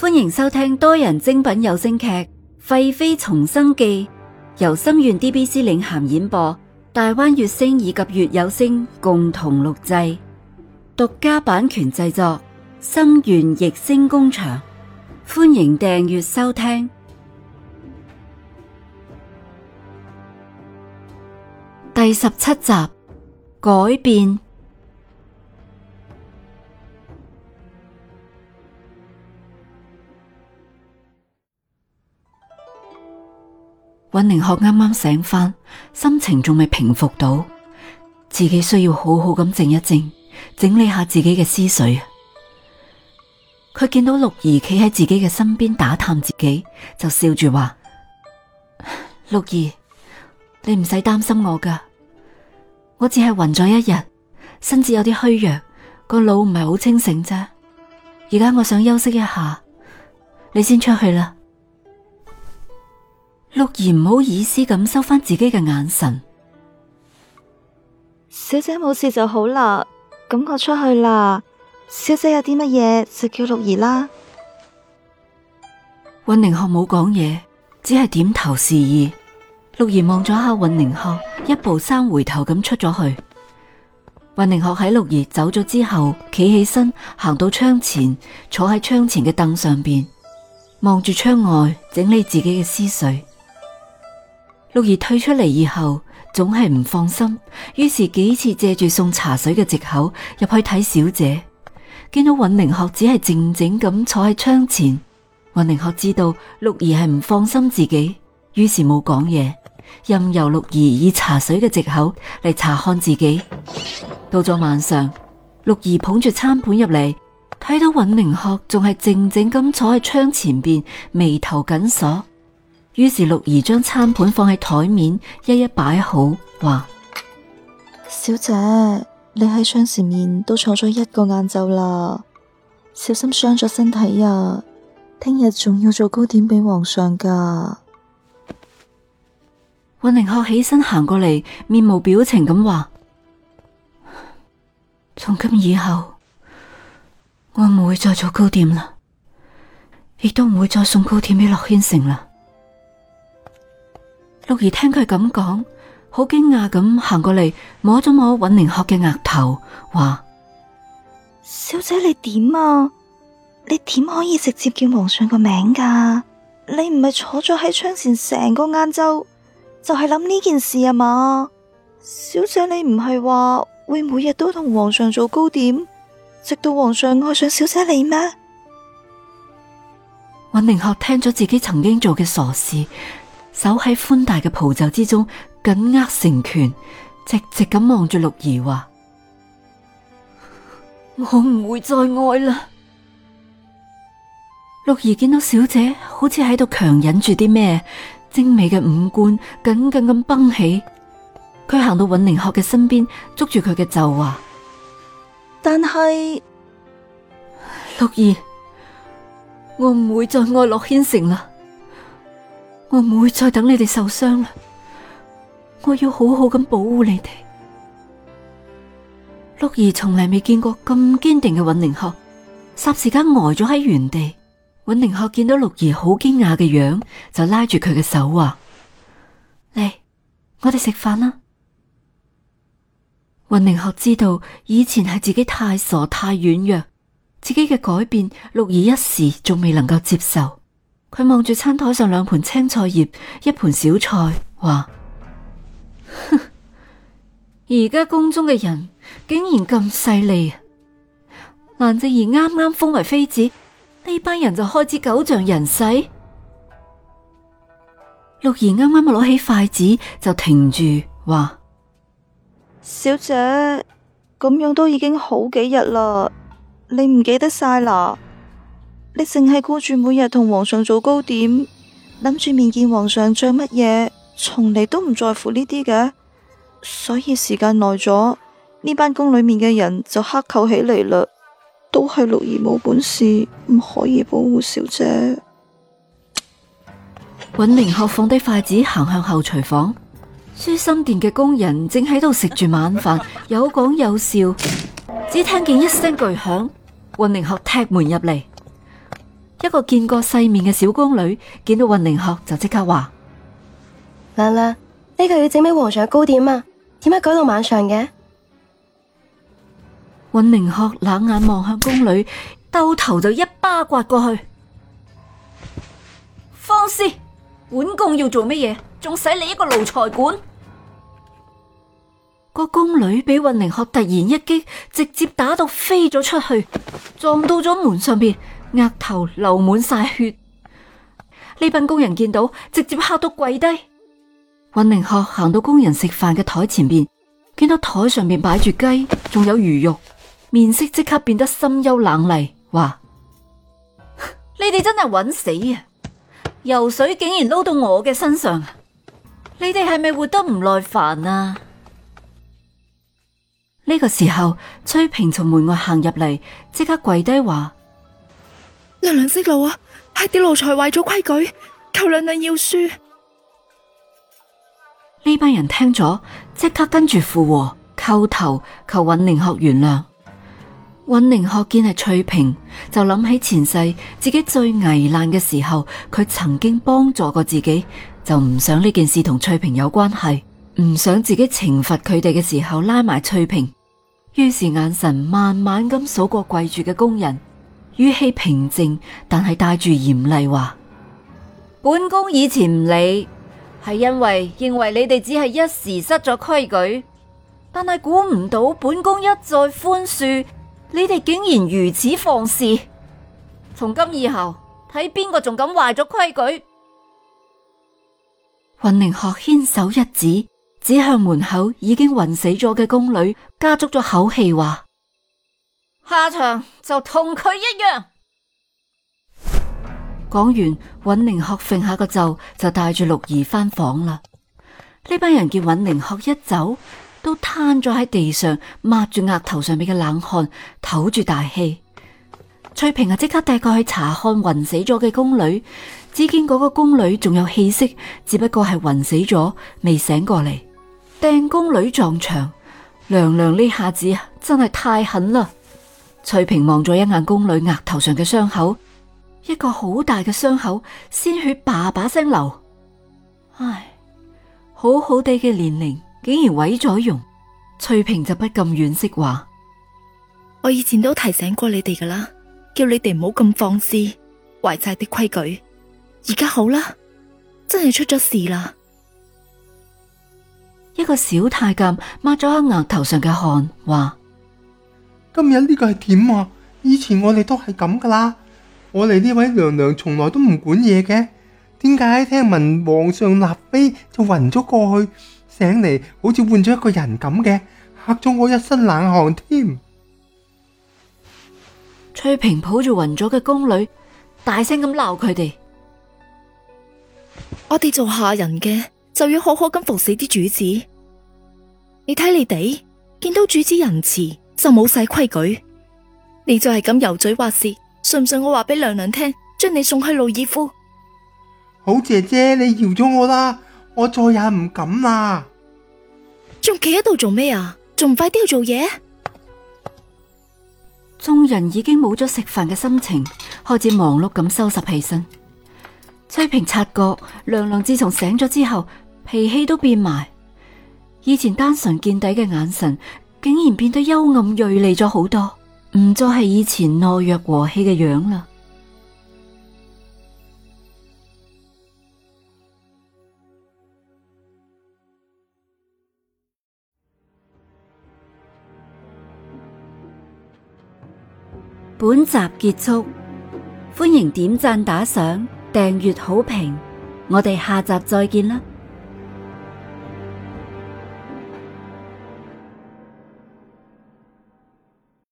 歡迎收聽多人精品有聲劇《廢妃重生記》，由心願 DBC 領銜演播，大灣悅聲以及悅有聲共同錄製，獨家版權製作，心願逸聲工場。歡迎訂閱收聽第十七集《改變》。尹寧學啱啱醒翻，心情仲未平復到，自己需要好好咁靜一靜，整理下自己嘅思緒。佢見到六兒企喺自己嘅身邊打探自己，就笑住話：六兒，你唔使擔心我㗎，我只係暈咗一日，身子有啲虛弱，個腦唔係好清醒啫。而家我想休息一下，你先出去啦。六兒唔好意思咁收翻自己嘅眼神，小姐冇事就好啦，咁我出去啦。小姐有啲乜嘢就叫六兒啦。韻寧鶴冇講嘢，只係點頭示意。六兒望咗下韻寧鶴，一步三回頭咁出咗去。韻寧鶴喺六兒走咗之後，企起身，行到窗前，坐喺窗前嘅凳上邊，望住窗外，整理自己嘅思緒。六兒退出嚟以後，總係唔放心，於是幾次借住送茶水嘅藉口入去睇小姐。見到尹寧學只係靜靜咁坐喺窗前，尹寧學知道六兒係唔放心自己，於是冇講嘢，任由六兒以茶水嘅藉口嚟查看自己。到咗晚上，六兒捧住餐盤入嚟，睇到尹寧學仲係靜靜咁坐喺窗前邊，眉頭緊鎖。於是六兒將餐盤放喺台面，一一擺好，話：小姐，你喺窗前面都坐咗一個晏晝啦，小心傷咗身體啊！聽日仲要做糕點俾皇上噶。温寧鶴起身行過嚟，面無表情咁話：從今以後，我唔會再做糕點啦，亦都唔會再送糕點俾洛軒成啦。六兒聽佢咁講，好驚訝咁行過嚟，摸咗摸尹寧鶴嘅額頭，話：小姐你點啊？你點可以直接叫皇上個名噶？你唔係坐咗喺窗前成個晏晝就係諗呢件事啊嘛？小姐你唔係話會每日都同皇上做糕點，直到皇上愛上小姐你咩？尹寧鶴聽咗自己曾經做嘅傻事。手喺寬大嘅袍袖之中緊握成拳，直直咁望住六兒話：我唔會再愛啦。六兒見到小姐好似喺度強忍住啲咩，精美嘅五官緊緊咁繃起。佢行到允寧鶴嘅身邊，捉住佢嘅袖話：但係六兒，我唔會再愛洛軒城啦。我唔會再等你哋受傷啦，我要好好咁保護你哋。鹿兒從來未見過咁堅定嘅尹寧鶴，霎時間呆咗喺原地。尹寧鶴見到鹿兒好驚訝嘅樣，就拉住佢嘅手話：嚟，我哋食飯啦。尹寧鶴知道以前係自己太傻太軟弱，自己嘅改變，鹿兒一時仲未能夠接受。佢望住餐檯上兩盤青菜葉，一盤小菜，話：而家 宮中嘅人竟然咁犀利啊，蘭靜兒啱啱封為妃子，呢班人就開始狗仗人勢。六兒啱啱攞起筷子就停住，話：小姐，咁樣都已經好幾日啦，你唔記得曬啦。你淨係顧住每日同皇上做糕點，諗住面見皇上着乜嘢，從嚟都唔在乎呢啲嘅，所以時間耐咗，呢班宮裏面嘅人就克扣起嚟嘞。都係六兒冇本事，唔可以保護小姐。尹寧鶴放低筷子，行向後廚房。舒心殿嘅工人正喺度食住晚飯，有講有笑，只聽見一聲巨響，尹寧鶴踢門入嚟。一個見過世面嘅小宮女見到尹寧鶴就即刻話：娘娘，呢、這個要整俾皇上糕點啊，點解改到晚上嘅？尹寧鶴冷眼望向宮女，兜頭就一巴刮過去。放肆！本宮要做乜嘢，仲使你一個奴才管？個宮女俾尹寧鶴突然一擊，直接打到飛咗出去，撞到咗門上邊。額頭流滿晒血，呢班工人見到直接嚇到跪低。尹寧鶴行到工人食飯嘅台前邊，見到台上面擺住雞，仲有魚肉，面色即刻變得深幽冷厲，話： 你哋真係揾死啊！游水竟然撈到我嘅身上，你哋係咪活得唔耐煩啊？呢個時候，崔平從門外行入嚟，即刻跪低話。娘娘識路啊！係啲奴才壞咗規矩，求娘娘要恕。呢班人聽咗，即刻跟住附和，叩頭求尹寧學原諒。尹寧學見係翠萍，就諗起前世自己最危難嘅時候，佢曾經幫助過自己，就唔想呢件事同翠萍有關係，唔想自己懲罰佢哋嘅時候拉埋翠萍。於是眼神慢慢咁數過跪住嘅工人。語氣平靜，但係帶住嚴厲話：本宮以前唔理，係因為認為你哋只係一時失咗規矩，但係估唔到本宮一再寬恕，你哋竟然如此放肆。從今以後，睇邊個仲敢壞咗規矩？雲寧學牽手一指，指向門口已經暈死咗嘅宮女，加足咗口氣話：下場就同佢一樣。講完，尹寧鶴甩下個袖就帶住六兒翻房啦。呢班人見尹寧鶴一走，都癱咗喺地上，抹住額頭上面嘅冷汗，唞住大氣。翠萍啊，即刻帶過去查看暈死咗嘅宮女。只見嗰個宮女仲有氣息，只不過係暈死咗，未醒過嚟。掟宮女撞牆，娘娘呢下子真係太狠啦！翠平望咗一眼宮女額頭上嘅傷口，一個好大嘅傷口，鮮血叭叭聲流。唉，好好地嘅年齡竟然毀咗容。翠平就不禁惋惜話：我以前都提醒過你哋噶啦，叫你哋唔好咁放肆，違晒啲規矩。而家好啦，真係出咗事啦！一個小太監抹咗下額頭上嘅汗，話。今日呢個係點啊？以前我哋都係咁噶啦，我哋呢位娘娘從來都唔管嘢嘅，點解聽聞皇上立妃就暈咗過去，醒嚟好似換咗一個人咁嘅，嚇咗我一身冷汗添。翠平抱住暈咗嘅宮女，大聲咁鬧佢哋：我哋做下人嘅就要好好咁服侍啲主子，你睇你哋見到主子仁慈，就冇晒規矩，你再係咁油嘴滑舌，信唔信我話俾娘娘聽，將你送去路爾夫？好姐姐，你饒咗我啦，我再也唔敢啦。仲企喺度做咩啊？仲唔快啲去做嘢？眾人已經冇咗食飯嘅心情，開始忙碌咁收拾起身。崔平察覺娘娘自從醒咗之後，脾氣都變埋，以前單純見底嘅眼神。竟然變得幽暗銳利咗好多，唔再係以前懦弱和氣嘅樣啦。本集結束，歡迎點贊打賞、訂閱好評，我哋下集再見啦。